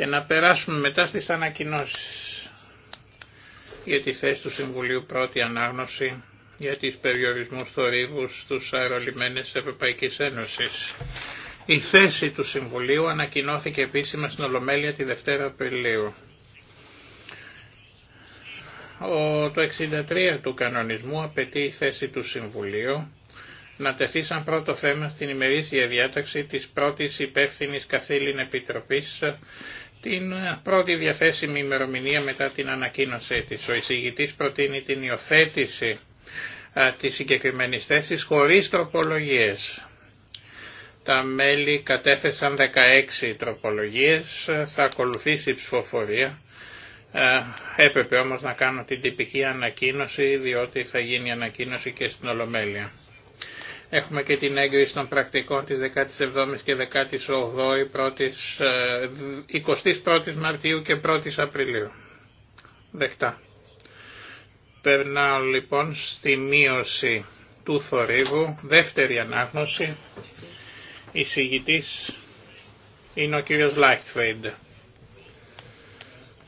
και να περάσουν μετά στις ανακοινώσεις για τη θέση του Συμβουλίου πρώτη ανάγνωση για τις περιορισμούς θορύβους στους αερολιμένες Ευρωπαϊκής Ένωσης. Η θέση του Συμβουλίου ανακοινώθηκε επίσημα στην Ολομέλεια τη Δευτέρα Απριλίου. Ο, το 63 του κανονισμού απαιτεί η θέση του Συμβουλίου να τεθεί σαν πρώτο θέμα στην ημερήσια διάταξη της πρώτης υπεύθυνη καθήλυν επιτροπής την ε, πρώτη διαθέσιμη ημερομηνία μετά την ανακοίνωσή της. Ο εισηγητής προτείνει την υιοθέτηση ε, της συγκεκριμένης θέσης χωρίς τροπολογίες. Τα μέλη κατέθεσαν 16 τροπολογίες, ε, θα ακολουθήσει η ψηφοφορία. Έπρεπε όμως να κάνω την τυπική ανακοίνωση διότι θα γίνει ανακοίνωση και στην Ολομέλεια. Έχουμε και την έγκριση των πρακτικών της 17ης και 18ης, 21ης ε, Μαρτίου και 1ης Απριλίου. Δεκτά. Περνάω λοιπόν στη μείωση του θορύβου, δεύτερη ανάγνωση. Η συγητής είναι ο κύριος Λάιχτφεϊντ.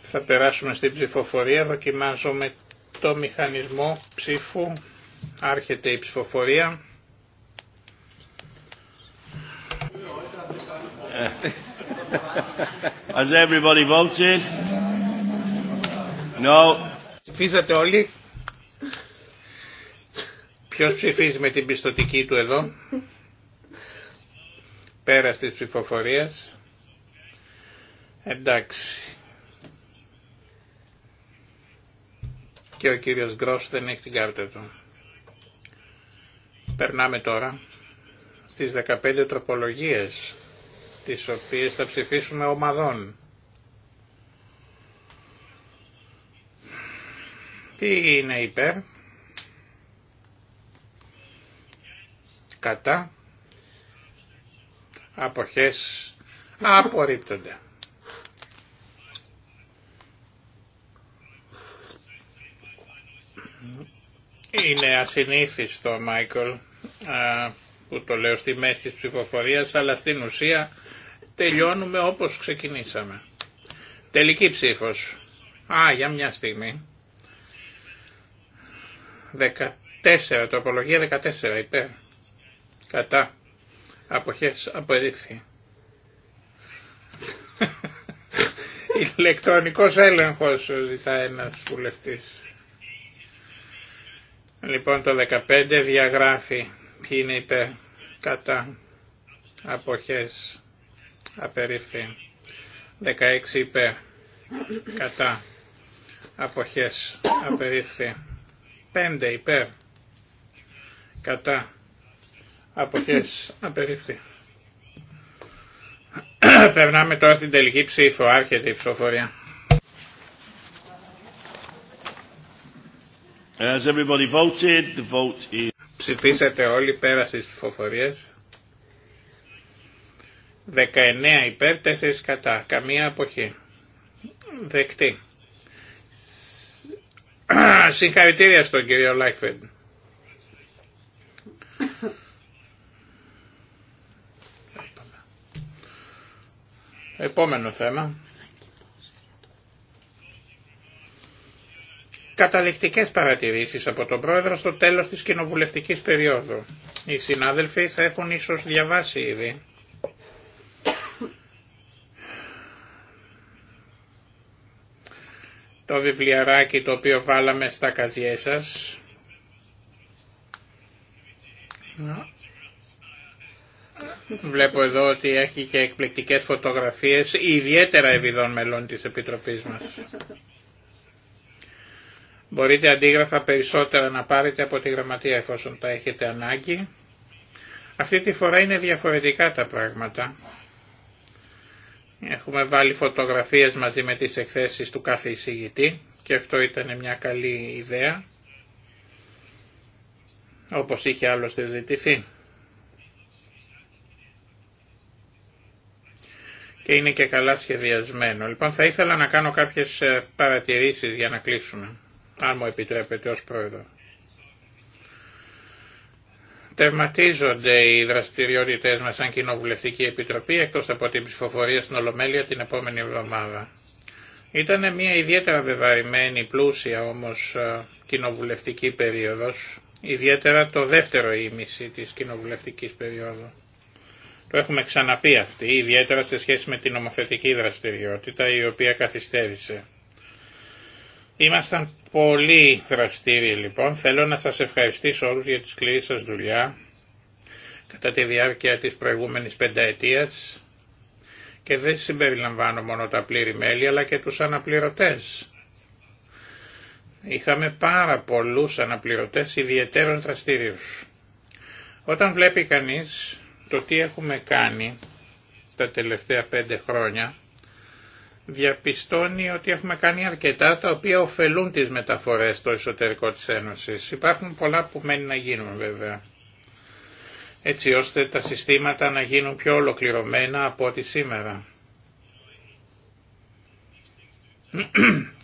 Θα περάσουμε στην ψηφοφορία, δοκιμάζομαι το μηχανισμό ψήφου, άρχεται η ψηφοφορία. Has everybody voted? No. Ψηφίσατε όλοι. Ποιο ψηφίζει με την πιστοτική του εδώ. Πέρα της ψηφοφορία. Εντάξει. Και ο κύριος Γκρός δεν έχει την κάρτα του. Περνάμε τώρα στις 15 τροπολογίες τις οποίες θα ψηφίσουμε ομαδών. Τι είναι υπέρ, κατά, αποχές, απορρίπτονται. Είναι ασυνήθιστο, Μάικλ, που το λέω στη μέση της ψηφοφορίας, αλλά στην ουσία τελειώνουμε όπως ξεκινήσαμε. Τελική ψήφος. Α, για μια στιγμή. 14, απολογία 14, υπέρ. Κατά. Αποχές, απορρίφθη. Ηλεκτρονικός έλεγχος ζητά ένας βουλευτής. Λοιπόν το 15 διαγράφει Ποιοι είναι υπέρ, κατά, αποχές, απερίφθη. 16 υπέρ, κατά, αποχές, απερίφθη. 5 υπέρ, κατά, αποχές, απερίφθη. Περνάμε τώρα στην τελική ψήφο, άρχεται η ψηφοφορία. As everybody voted, the vote is... Ψηφίσατε όλοι πέρα στις ψηφοφορίες. 19 υπέρ, 4 κατά. Καμία αποχή. Δεκτή. Συγχαρητήρια στον κύριο Λάιφεντ. Επόμενο θέμα. καταληκτικές παρατηρήσεις από τον Πρόεδρο στο τέλος της κοινοβουλευτικής περίοδου. Οι συνάδελφοι θα έχουν ίσως διαβάσει ήδη. Το βιβλιαράκι το οποίο βάλαμε στα καζιέ σας. Βλέπω εδώ ότι έχει και εκπληκτικές φωτογραφίες, ιδιαίτερα ευηδών μελών της Επιτροπής μας. Μπορείτε αντίγραφα περισσότερα να πάρετε από τη γραμματεία εφόσον τα έχετε ανάγκη. Αυτή τη φορά είναι διαφορετικά τα πράγματα. Έχουμε βάλει φωτογραφίες μαζί με τις εκθέσεις του κάθε εισηγητή και αυτό ήταν μια καλή ιδέα, όπως είχε άλλωστε ζητηθεί. Και είναι και καλά σχεδιασμένο. Λοιπόν θα ήθελα να κάνω κάποιες ε, παρατηρήσεις για να κλείσουμε αν μου επιτρέπετε ως πρόεδρο. Τερματίζονται οι δραστηριότητες μας σαν Κοινοβουλευτική Επιτροπή εκτός από την ψηφοφορία στην Ολομέλεια την επόμενη εβδομάδα. Ήταν μια ιδιαίτερα βεβαρημένη πλούσια όμως ε, κοινοβουλευτική περίοδος, ιδιαίτερα το δεύτερο ήμιση της κοινοβουλευτικής περίοδου. Το έχουμε ξαναπεί αυτή, ιδιαίτερα σε σχέση με την νομοθετική δραστηριότητα η οποία καθυστέρησε. Ήμασταν πολύ δραστήριοι λοιπόν. Θέλω να σας ευχαριστήσω όλους για τη σκληρή σας δουλειά κατά τη διάρκεια της προηγούμενης πενταετίας και δεν συμπεριλαμβάνω μόνο τα πλήρη μέλη αλλά και τους αναπληρωτές. Είχαμε πάρα πολλούς αναπληρωτές ιδιαίτερων δραστήριους. Όταν βλέπει κανείς το τι έχουμε κάνει τα τελευταία πέντε χρόνια διαπιστώνει ότι έχουμε κάνει αρκετά τα οποία ωφελούν τις μεταφορές στο εσωτερικό της Ένωσης. Υπάρχουν πολλά που μένει να γίνουν βέβαια έτσι ώστε τα συστήματα να γίνουν πιο ολοκληρωμένα από ό,τι σήμερα.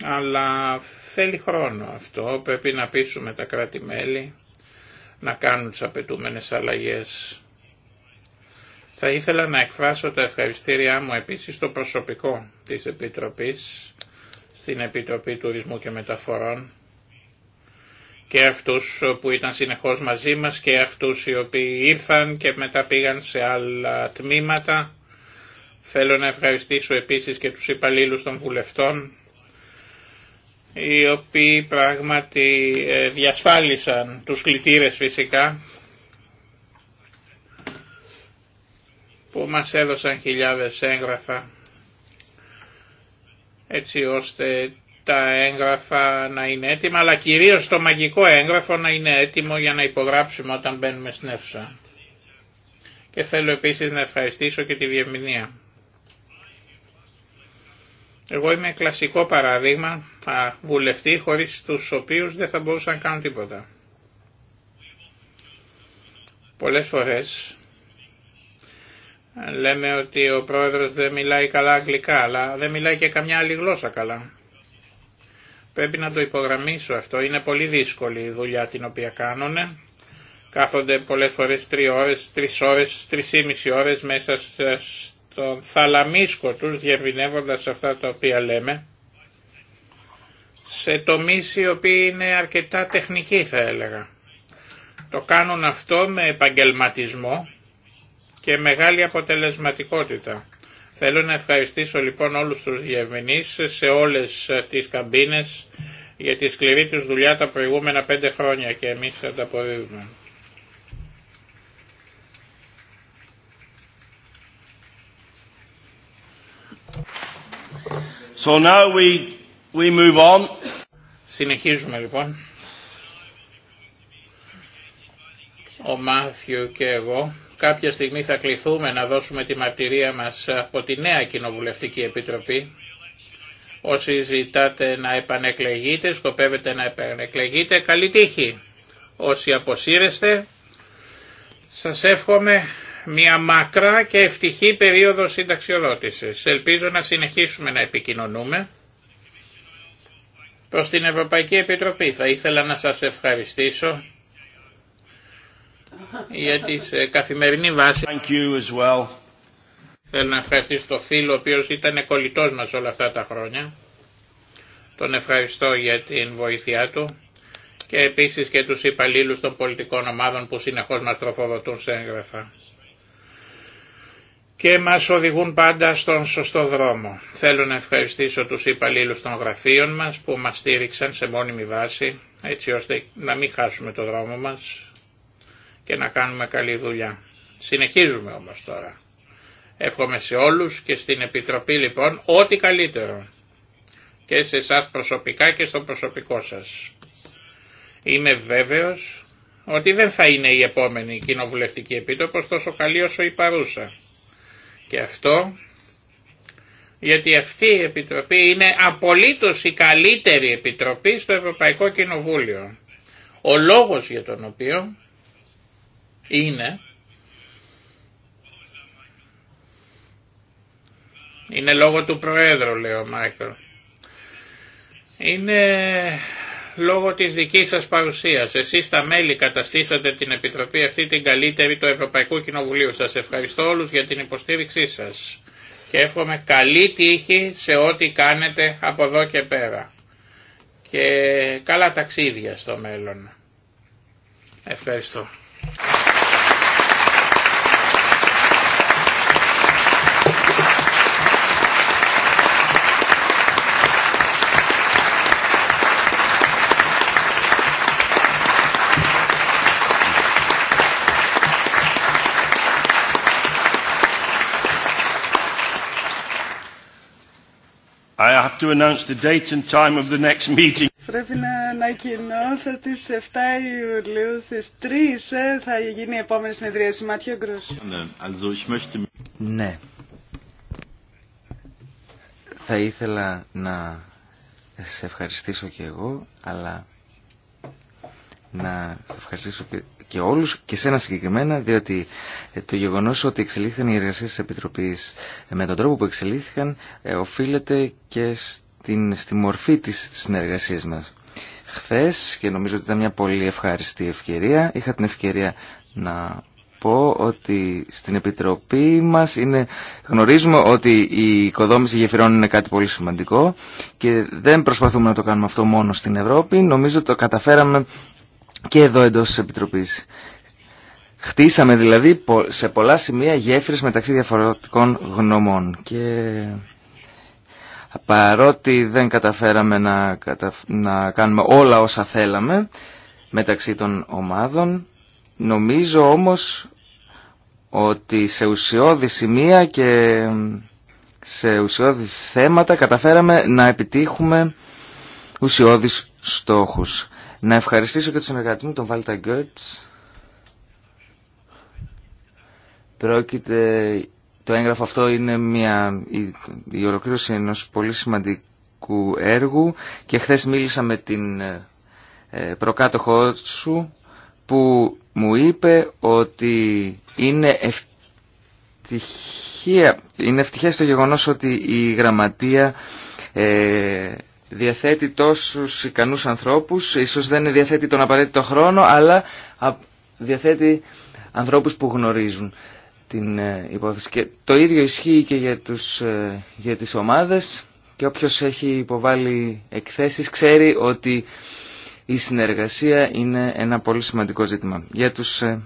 Αλλά θέλει χρόνο αυτό, πρέπει να πείσουμε τα κράτη-μέλη να κάνουν τις απαιτούμενες αλλαγές. Θα ήθελα να εκφράσω τα ευχαριστήριά μου επίσης στο προσωπικό της Επιτροπής, στην Επιτροπή Τουρισμού και Μεταφορών και αυτούς που ήταν συνεχώς μαζί μας και αυτούς οι οποίοι ήρθαν και μετά πήγαν σε άλλα τμήματα. Θέλω να ευχαριστήσω επίσης και τους υπαλλήλους των βουλευτών οι οποίοι πράγματι ε, διασφάλισαν τους κλητήρες φυσικά που μας έδωσαν χιλιάδες έγγραφα έτσι ώστε τα έγγραφα να είναι έτοιμα, αλλά κυρίως το μαγικό έγγραφο να είναι έτοιμο για να υπογράψουμε όταν μπαίνουμε στην αίθουσα. Και θέλω επίσης να ευχαριστήσω και τη Διεμηνία. Εγώ είμαι κλασικό παράδειγμα α, βουλευτή χωρίς τους οποίους δεν θα μπορούσαν να κάνω τίποτα. Πολλές φορές Λέμε ότι ο πρόεδρος δεν μιλάει καλά αγγλικά, αλλά δεν μιλάει και καμιά άλλη γλώσσα καλά. Πρέπει να το υπογραμμίσω αυτό. Είναι πολύ δύσκολη η δουλειά την οποία κάνουν. Κάθονται πολλές φορές τρει ώρες, τρεις ώρες, τρεις ή μισή ώρες μέσα στον θαλαμίσκο τους, διευρυνεύοντας αυτά τα οποία λέμε. Σε τομείς οι οποίοι είναι αρκετά τεχνικοί θα έλεγα. Το κάνουν αυτό με επαγγελματισμό και μεγάλη αποτελεσματικότητα. Θέλω να ευχαριστήσω λοιπόν όλους τους διευμηνείς σε όλες τις καμπίνες για τη σκληρή τους δουλειά τα προηγούμενα πέντε χρόνια και εμείς θα τα αποδίδουμε. So now we, we move on. Συνεχίζουμε λοιπόν. Ο Μάθιου και εγώ κάποια στιγμή θα κληθούμε να δώσουμε τη μαρτυρία μας από τη νέα Κοινοβουλευτική Επιτροπή. Όσοι ζητάτε να επανεκλεγείτε, σκοπεύετε να επανεκλεγείτε, καλή τύχη. Όσοι αποσύρεστε, σας εύχομαι μια μακρά και ευτυχή περίοδο συνταξιοδότησης. Ελπίζω να συνεχίσουμε να επικοινωνούμε. Προς την Ευρωπαϊκή Επιτροπή θα ήθελα να σας ευχαριστήσω γιατί σε καθημερινή βάση Thank you as well. θέλω να ευχαριστήσω τον φίλο ο οποίος ήταν κολλητός μας όλα αυτά τα χρόνια. Τον ευχαριστώ για την βοήθειά του και επίσης και τους υπαλλήλους των πολιτικών ομάδων που συνεχώς μας τροφοδοτούν σε έγγραφα και μας οδηγούν πάντα στον σωστό δρόμο. Θέλω να ευχαριστήσω τους υπαλλήλους των γραφείων μας που μας στήριξαν σε μόνιμη βάση έτσι ώστε να μην χάσουμε το δρόμο μας και να κάνουμε καλή δουλειά. Συνεχίζουμε όμως τώρα. Εύχομαι σε όλους και στην Επιτροπή λοιπόν ό,τι καλύτερο και σε εσά προσωπικά και στο προσωπικό σας. Είμαι βέβαιος ότι δεν θα είναι η επόμενη κοινοβουλευτική επίτροπος τόσο καλή όσο η παρούσα. Και αυτό γιατί αυτή η επιτροπή είναι απολύτως η καλύτερη επιτροπή στο Ευρωπαϊκό Κοινοβούλιο. Ο λόγος για τον οποίο είναι είναι λόγω του Προέδρου λέει ο Μάικλ είναι λόγω της δικής σας παρουσίας. Εσείς τα μέλη καταστήσατε την Επιτροπή αυτή την καλύτερη του Ευρωπαϊκού Κοινοβουλίου. Σας ευχαριστώ όλους για την υποστήριξή σας και εύχομαι καλή τύχη σε ό,τι κάνετε από εδώ και πέρα. Και καλά ταξίδια στο μέλλον. Ευχαριστώ. I have to announce the date and time of the next meeting. Πρέπει να ανακοινώσω τι 7 Ιουλίου στι 3 ε, θα γίνει η επόμενη συνεδρίαση. Μάτιο Γκρός. Ναι. Θα ήθελα να σε ευχαριστήσω και εγώ, αλλά να ευχαριστήσω και όλους και σένα συγκεκριμένα διότι ε, το γεγονός ότι εξελίχθηκαν οι εργασίες της Επιτροπής ε, με τον τρόπο που εξελίχθηκαν ε, οφείλεται και στην, στη μορφή της συνεργασίας μας. Χθες και νομίζω ότι ήταν μια πολύ ευχάριστη ευκαιρία είχα την ευκαιρία να πω ότι στην Επιτροπή μας είναι, γνωρίζουμε ότι η οικοδόμηση γεφυρών είναι κάτι πολύ σημαντικό και δεν προσπαθούμε να το κάνουμε αυτό μόνο στην Ευρώπη. Νομίζω το καταφέραμε και εδώ εντός της Επιτροπής. Χτίσαμε δηλαδή σε πολλά σημεία γέφυρες μεταξύ διαφορετικών γνωμών και παρότι δεν καταφέραμε να, κάνουμε όλα όσα θέλαμε μεταξύ των ομάδων, νομίζω όμως ότι σε ουσιώδη σημεία και σε ουσιώδη θέματα καταφέραμε να επιτύχουμε ουσιώδης στόχους. Να ευχαριστήσω και τους συνεργάτες μου, τον Βάλτα Γκέρτς. Πρόκειται, το έγγραφο αυτό είναι μια, η, η ολοκλήρωση ενός πολύ σημαντικού έργου και χθες μίλησα με την ε, προκάτοχό σου που μου είπε ότι είναι ευτυχία, είναι ευτυχία στο γεγονός ότι η γραμματεία ε, διαθέτει τόσους ικανούς ανθρώπους, ίσως δεν διαθέτει τον απαραίτητο χρόνο, αλλά διαθέτει ανθρώπους που γνωρίζουν την ε, υπόθεση. Και το ίδιο ισχύει και για, τους, ε, για τις ομάδες και όποιος έχει υποβάλει εκθέσεις ξέρει ότι η συνεργασία είναι ένα πολύ σημαντικό ζήτημα. Για τους ε,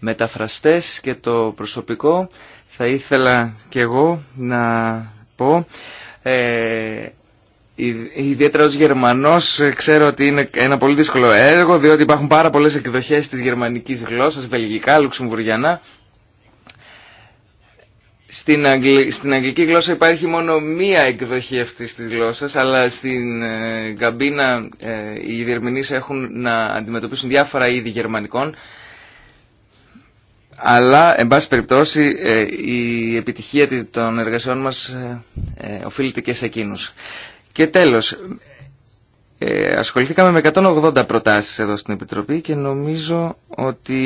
μεταφραστές και το προσωπικό θα ήθελα και εγώ να πω ε, ιδιαίτερα ως Γερμανός ε, ξέρω ότι είναι ένα πολύ δύσκολο έργο διότι υπάρχουν πάρα πολλές εκδοχές της γερμανικής γλώσσας, βελγικά, λουξουμβουριανά Στην, στην αγγλική γλώσσα υπάρχει μόνο μία εκδοχή αυτής της γλώσσας αλλά στην ε, καμπίνα οι διερμηνείς έχουν να αντιμετωπίσουν διάφορα είδη γερμανικών αλλά, εν πάση περιπτώσει, ε, η επιτυχία των εργασιών μας ε, ε, οφείλεται και σε εκείνους. Και τέλος, ασχοληθήκαμε με 180 προτάσεις εδώ στην Επιτροπή και νομίζω ότι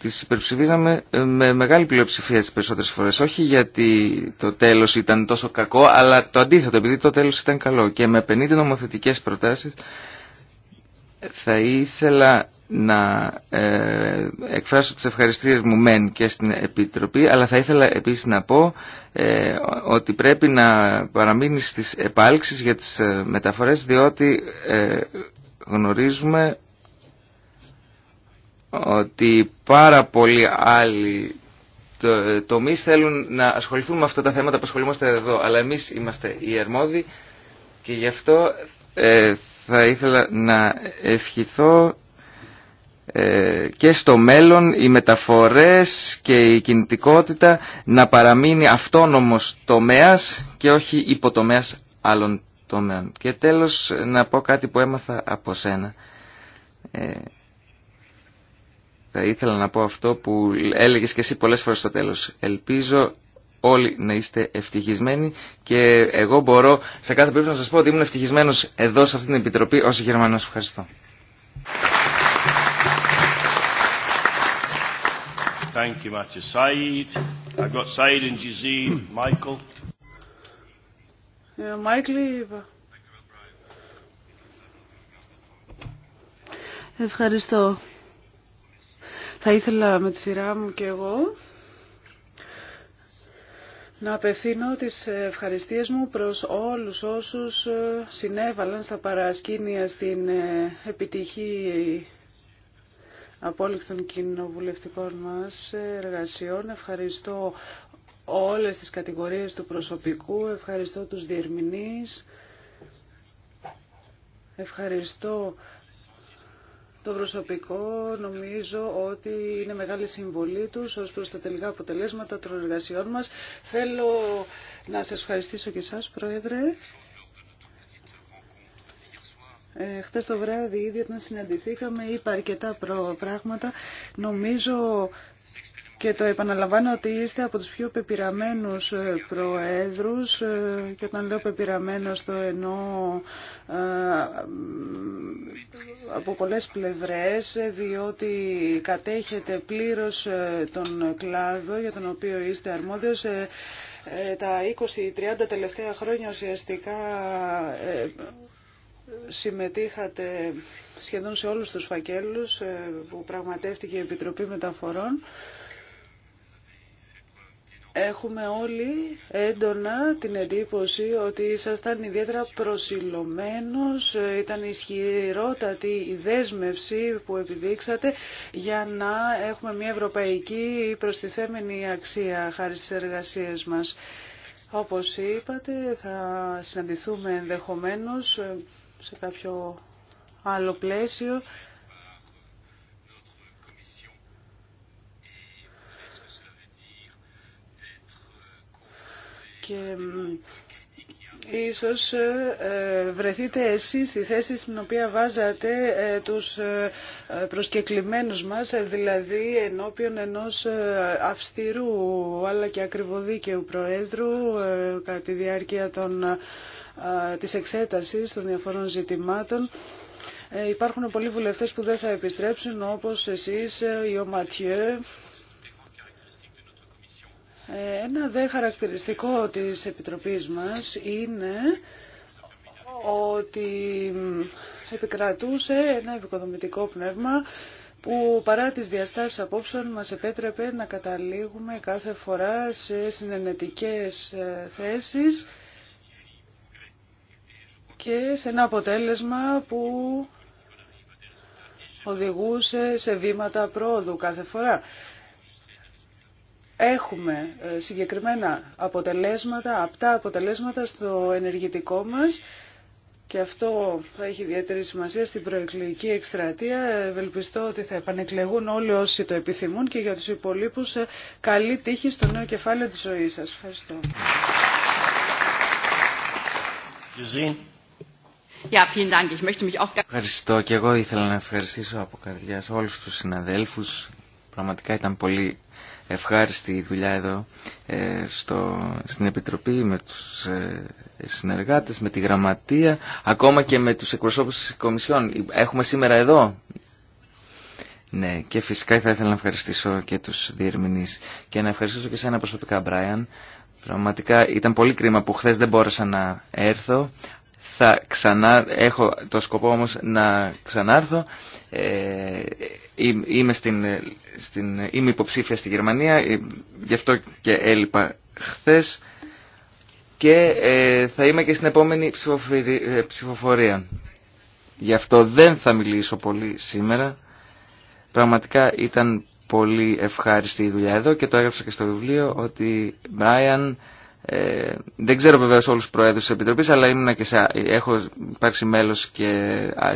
τις υπερψηφίζαμε με μεγάλη πλειοψηφία τις περισσότερες φορές. Όχι γιατί το τέλος ήταν τόσο κακό, αλλά το αντίθετο, επειδή το τέλος ήταν καλό. Και με 50 νομοθετικές προτάσεις θα ήθελα να ε, εκφράσω τις ευχαριστίες μου μεν και στην Επιτροπή αλλά θα ήθελα επίσης να πω ε, ότι πρέπει να παραμείνει στις επάλξεις για τις ε, μεταφορές διότι ε, γνωρίζουμε ότι πάρα πολλοί άλλοι το, τομείς θέλουν να ασχοληθούν με αυτά τα θέματα που ασχολούμαστε εδώ αλλά εμείς είμαστε οι αρμόδιοι και γι' αυτό θα ήθελα να ευχηθώ ε, και στο μέλλον οι μεταφορές και η κινητικότητα να παραμείνει αυτόνομος τομέας και όχι υποτομέας άλλων τομέων. Και τέλος να πω κάτι που έμαθα από σένα. Ε, θα ήθελα να πω αυτό που έλεγες και εσύ πολλές φορές στο τέλος. Ελπίζω όλοι να είστε ευτυχισμένοι και εγώ μπορώ σε κάθε περίπτωση να σας πω ότι ήμουν ευτυχισμένος εδώ σε αυτή την Επιτροπή ως Γερμανός. Ευχαριστώ. Thank you Matthew. Said. I've got Said and Michael. Yeah, Michael. Ευχαριστώ. Θα ήθελα με τη σειρά μου και εγώ να απευθύνω τις ευχαριστίες μου προς όλους όσους συνέβαλαν στα παρασκήνια στην ε, επιτυχή απόλυξη των κοινοβουλευτικών μας εργασιών. Ευχαριστώ όλες τις κατηγορίες του προσωπικού, ευχαριστώ τους διερμηνείς, ευχαριστώ το προσωπικό νομίζω ότι είναι μεγάλη συμβολή τους ως προς τα τελικά αποτελέσματα των εργασιών μας. Θέλω να σας ευχαριστήσω και εσάς, Πρόεδρε. Ε, το βράδυ ήδη όταν συναντηθήκαμε είπα αρκετά πράγματα. Νομίζω και το επαναλαμβάνω ότι είστε από τους πιο πεπειραμένους ε, προέδρους ε, και όταν λέω πεπειραμένος το εννοώ ε, από πολλές πλευρές διότι κατέχετε πλήρως τον κλάδο για τον οποίο είστε αρμόδιος τα 20-30 τελευταία χρόνια ουσιαστικά συμμετείχατε σχεδόν σε όλους τους φακέλους ε, που πραγματεύτηκε η Επιτροπή Μεταφορών. Έχουμε όλοι έντονα την εντύπωση ότι ήσασταν ιδιαίτερα προσιλωμένος, ε, ήταν ισχυρότατη η δέσμευση που επιδείξατε για να έχουμε μια ευρωπαϊκή προστιθέμενη αξία χάρη στις εργασίες μας. Όπως είπατε θα συναντηθούμε ενδεχομένως ε, σε κάποιο άλλο πλαίσιο. Και ίσως ε, βρεθείτε εσείς στη θέση στην οποία βάζατε ε, τους ε, προσκεκλημένους μας, δηλαδή ενώπιον ενός αυστηρού αλλά και ακριβοδίκαιου Προέδρου κατά τη διάρκεια των της εξέτασης των διαφορών ζητημάτων. Ε, υπάρχουν πολλοί βουλευτές που δεν θα επιστρέψουν, όπως εσείς, η ε, Ματιέ. Ε, ένα δε χαρακτηριστικό της Επιτροπής μας είναι ότι επικρατούσε ένα επικοδομητικό πνεύμα που παρά τις διαστάσεις απόψεων μας επέτρεπε να καταλήγουμε κάθε φορά σε συνενετικές θέσεις και σε ένα αποτέλεσμα που οδηγούσε σε βήματα πρόοδου κάθε φορά. Έχουμε ε, συγκεκριμένα αποτελέσματα, απτά αποτελέσματα στο ενεργητικό μας και αυτό θα έχει ιδιαίτερη σημασία στην προεκλογική εκστρατεία. Ευελπιστώ ότι θα επανεκλεγούν όλοι όσοι το επιθυμούν και για τους υπολείπους ε, καλή τύχη στο νέο κεφάλαιο της ζωής σας. Ευχαριστώ. Ευχαριστώ και εγώ ήθελα να ευχαριστήσω από καρδιάς όλους τους συναδέλφους. Πραγματικά ήταν πολύ ευχάριστη η δουλειά εδώ ε, στο, στην Επιτροπή με τους ε, συνεργάτες, με τη Γραμματεία, ακόμα και με τους εκπροσώπους της Κομισιόν. Έχουμε σήμερα εδώ. Ναι, και φυσικά θα ήθελα να ευχαριστήσω και τους διερμηνείς και να ευχαριστήσω και σένα προσωπικά, Μπράιαν. Πραγματικά ήταν πολύ κρίμα που χθες δεν μπόρεσα να έρθω, θα ξανά, έχω το σκοπό όμως να ξανάρθω. Ε, ε, είμαι, στην, στην, είμαι υποψήφια στη Γερμανία, ε, γι' αυτό και έλειπα χθες και θα είμαι και στην επόμενη ψηφοφορία. Γι' αυτό δεν θα μιλήσω πολύ σήμερα. Πραγματικά ήταν πολύ ευχάριστη η δουλειά εδώ και το έγραψα και στο βιβλίο ότι Μπράιαν ε, δεν ξέρω βεβαίω όλου του πρόεδρου τη επιτροπή, αλλά ήμουν και σε, έχω υπάρξει μέλο και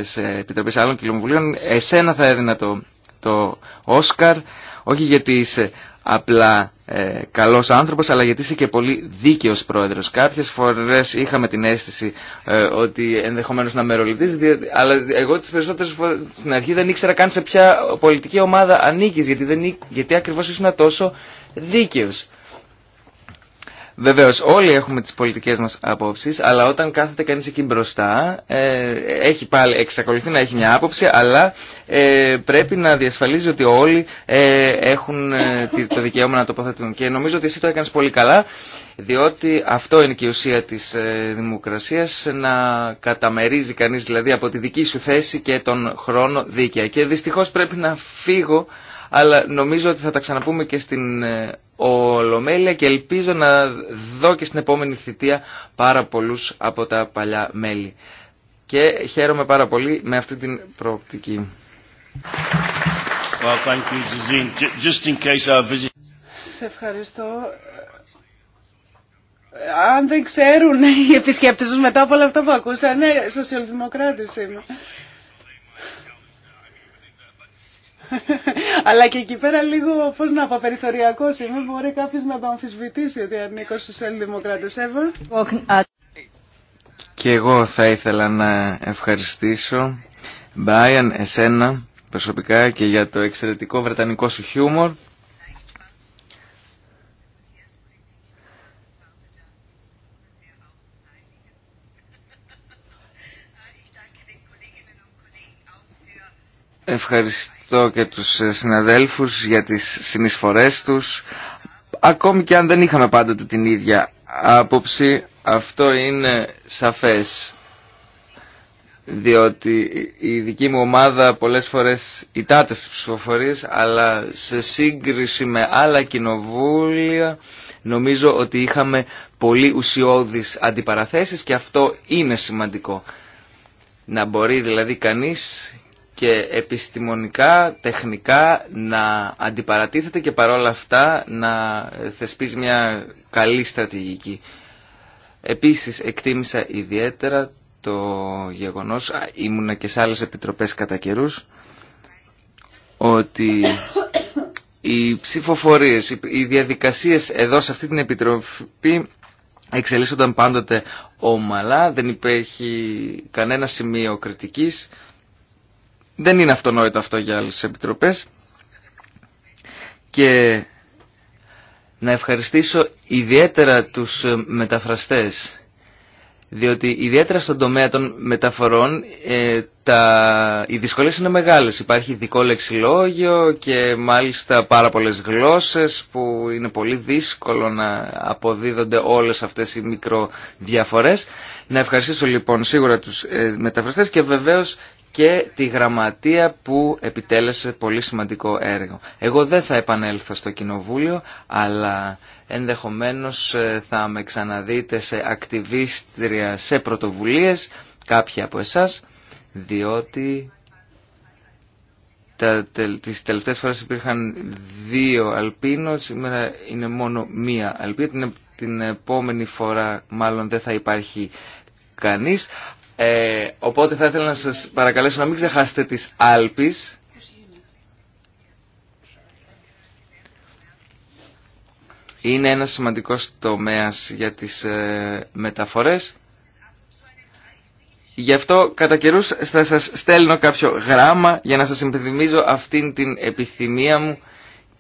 σε επιτροπή άλλων κοινοβουλίων. Εσένα θα έδινα το, το Όσκαρ, όχι γιατί είσαι απλά ε, καλός άνθρωπος, αλλά γιατί είσαι και πολύ δίκαιος πρόεδρος. Κάποιες φορές είχαμε την αίσθηση ε, ότι ενδεχομένως να μεροληπτείς, αλλά εγώ τις περισσότερες φορές στην αρχή δεν ήξερα καν σε ποια πολιτική ομάδα ανήκεις, γιατί, δεν, γιατί ακριβώς ήσουν τόσο δίκαιος. Βεβαίω, όλοι έχουμε τι πολιτικέ μα απόψει, αλλά όταν κάθεται κανεί εκεί μπροστά, ε, έχει πάλι, εξακολουθεί να έχει μια άποψη, αλλά ε, πρέπει να διασφαλίζει ότι όλοι ε, έχουν ε, το δικαίωμα να τοποθετούν. Και νομίζω ότι εσύ το έκανε πολύ καλά, διότι αυτό είναι και η ουσία τη δημοκρασία, να καταμερίζει κανεί δηλαδή από τη δική σου θέση και τον χρόνο δίκαια. Και δυστυχώ πρέπει να φύγω αλλά νομίζω ότι θα τα ξαναπούμε και στην ε, Ολομέλεια και ελπίζω να δω και στην επόμενη θητεία πάρα πολλούς από τα παλιά μέλη. Και χαίρομαι πάρα πολύ με αυτή την προοπτική. Well, Σε ευχαριστώ. Αν δεν ξέρουν οι επισκέπτες τους μετά από όλα αυτά που ακούσανε, σοσιαλδημοκράτης είμαι. Αλλά και εκεί πέρα λίγο, πώ να πω, περιθωριακό είμαι, μπορεί κάποιο να το αμφισβητήσει ότι ανήκω στου Ελληνικοκράτε Και εγώ θα ήθελα να ευχαριστήσω, Μπάιαν, εσένα προσωπικά και για το εξαιρετικό βρετανικό σου χιούμορ Ευχαριστώ και τους ε, συναδέλφους για τις συνεισφορές τους. Ακόμη και αν δεν είχαμε πάντοτε την ίδια άποψη, αυτό είναι σαφές. Διότι η δική μου ομάδα πολλές φορές ιτάται στις ψηφοφορίες, αλλά σε σύγκριση με άλλα κοινοβούλια νομίζω ότι είχαμε πολύ ουσιώδεις αντιπαραθέσεις και αυτό είναι σημαντικό. Να μπορεί δηλαδή κανείς και επιστημονικά, τεχνικά να αντιπαρατίθεται και παρόλα αυτά να θεσπίζει μια καλή στρατηγική. Επίσης εκτίμησα ιδιαίτερα το γεγονός, ήμουνα και σε άλλες επιτροπές κατά καιρούς, ότι οι ψηφοφορίες, οι διαδικασίες εδώ σε αυτή την επιτροπή εξελίσσονταν πάντοτε ομαλά, δεν υπήρχε κανένα σημείο κριτικής δεν είναι αυτονόητο αυτό για άλλες επιτροπές. Και να ευχαριστήσω ιδιαίτερα τους ε, μεταφραστές διότι ιδιαίτερα στον τομέα των μεταφορών ε, τα... οι δυσκολίες είναι μεγάλες. Υπάρχει ειδικό λεξιλόγιο και μάλιστα πάρα πολλές γλώσσες που είναι πολύ δύσκολο να αποδίδονται όλες αυτές οι μικροδιαφορές. Να ευχαριστήσω λοιπόν σίγουρα τους ε, μεταφραστές και βεβαίως και τη γραμματεία που επιτέλεσε πολύ σημαντικό έργο. Εγώ δεν θα επανέλθω στο κοινοβούλιο, αλλά ενδεχομένως ε, θα με ξαναδείτε σε ακτιβίστρια, σε πρωτοβουλίες, κάποια από εσάς, διότι τα, τις τελευταίες φορές υπήρχαν δύο αλπίνο, σήμερα είναι μόνο μία αλπίνο, την, την επόμενη φορά μάλλον δεν θα υπάρχει κανείς, ε, οπότε θα ήθελα να σας παρακαλέσω να μην ξεχάσετε τις Άλπεις. Είναι ένα σημαντικός τομέας για τις ε, μεταφορές. Γι' αυτό κατά καιρού θα σας στέλνω κάποιο γράμμα για να σας επιθυμίζω αυτήν την επιθυμία μου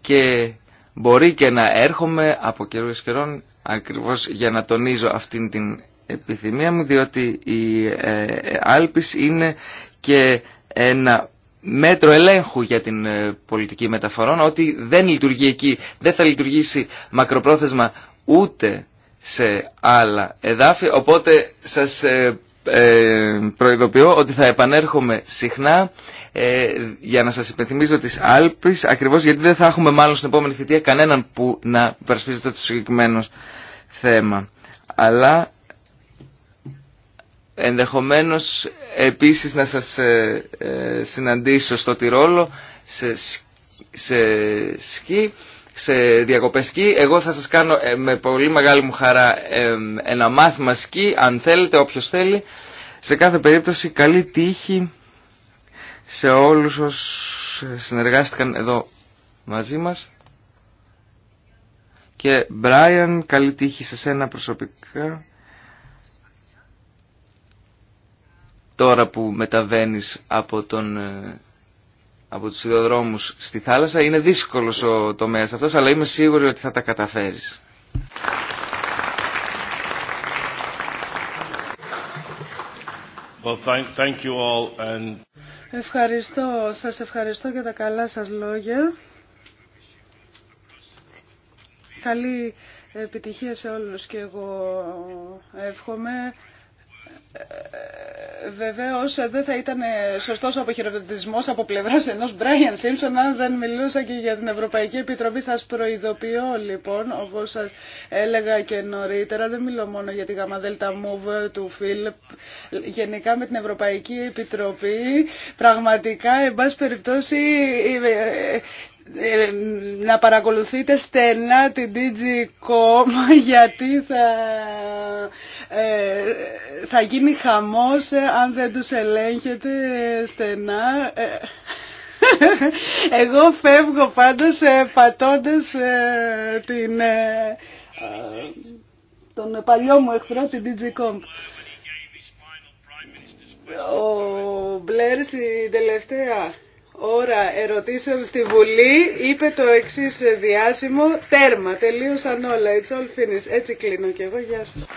και μπορεί και να έρχομαι από καιρούς καιρών ακριβώς για να τονίζω αυτήν την επιθυμία μου διότι η ε, Άλπης είναι και ένα μέτρο ελέγχου για την ε, πολιτική μεταφορών ότι δεν λειτουργεί εκεί, δεν θα λειτουργήσει μακροπρόθεσμα ούτε σε άλλα εδάφη οπότε σας ε, προειδοποιώ ότι θα επανέρχομαι συχνά για να σας υπενθυμίζω τις Άλπης ακριβώς γιατί δεν θα έχουμε μάλλον στην επόμενη θητεία κανέναν που να υπερασπίζεται το συγκεκριμένο θέμα αλλά Ενδεχομένως επίσης να σας ε, ε, συναντήσω στο Τυρόλο σε, σε σκι, σε διακοπές σκι. Εγώ θα σας κάνω ε, με πολύ μεγάλη μου χαρά ένα μάθημα σκι, αν θέλετε, όποιος θέλει. Σε κάθε περίπτωση καλή τύχη σε όλους όσους συνεργάστηκαν εδώ μαζί μας. Και Brian, καλή τύχη σε σένα προσωπικά. τώρα που μεταβαίνεις από, τον, ε, από τους ιδεοδρόμους στη θάλασσα. Είναι δύσκολος ο τομέας αυτός, αλλά είμαι σίγουρη ότι θα τα καταφέρεις. Well, thank you all and... Ευχαριστώ. Σας ευχαριστώ για τα καλά σας λόγια. Καλή επιτυχία σε όλους και εγώ εύχομαι. Ε, Βεβαίω ε, δεν θα ήταν σωστό ο αποχαιρετισμό από πλευρά ενό Μπράιαν Σίμψον αν δεν μιλούσα και για την Ευρωπαϊκή Επιτροπή. Σα προειδοποιώ λοιπόν, όπω σα έλεγα και νωρίτερα, δεν μιλώ μόνο για τη γαμαδέλτα Move του Φιλ. Γενικά με την Ευρωπαϊκή Επιτροπή, πραγματικά, εν πάση περιπτώσει, ε, να παρακολουθείτε στενά την DigiCom γιατί θα ε, θα γίνει χαμός ε, αν δεν τους ελέγχετε στενά. Ε, εγώ φεύγω πάντως πατώντας την, τον παλιό μου εχθρό, την DigiComp. Ο Μπλερ στην τελευταία ώρα ερωτήσεων στη Βουλή είπε το εξή διάσημο τέρμα. Τελείωσαν όλα. It's all finished. Έτσι κλείνω και εγώ. Γεια σας.